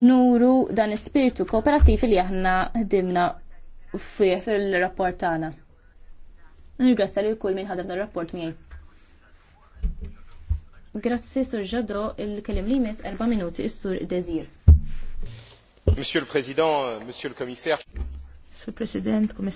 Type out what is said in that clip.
nuru dan ispirtu kooperativ li aħna ħdimna fih fil-rapport tagħna. Nirgrazzja lil kull min ħadem dan rapport miegħi. Grazzi Sur Ġadro il-kelim li mis erba' minuti is-Sur Dezir. Monsieur le Président, Monsieur le Commissaire. Sur President, Président,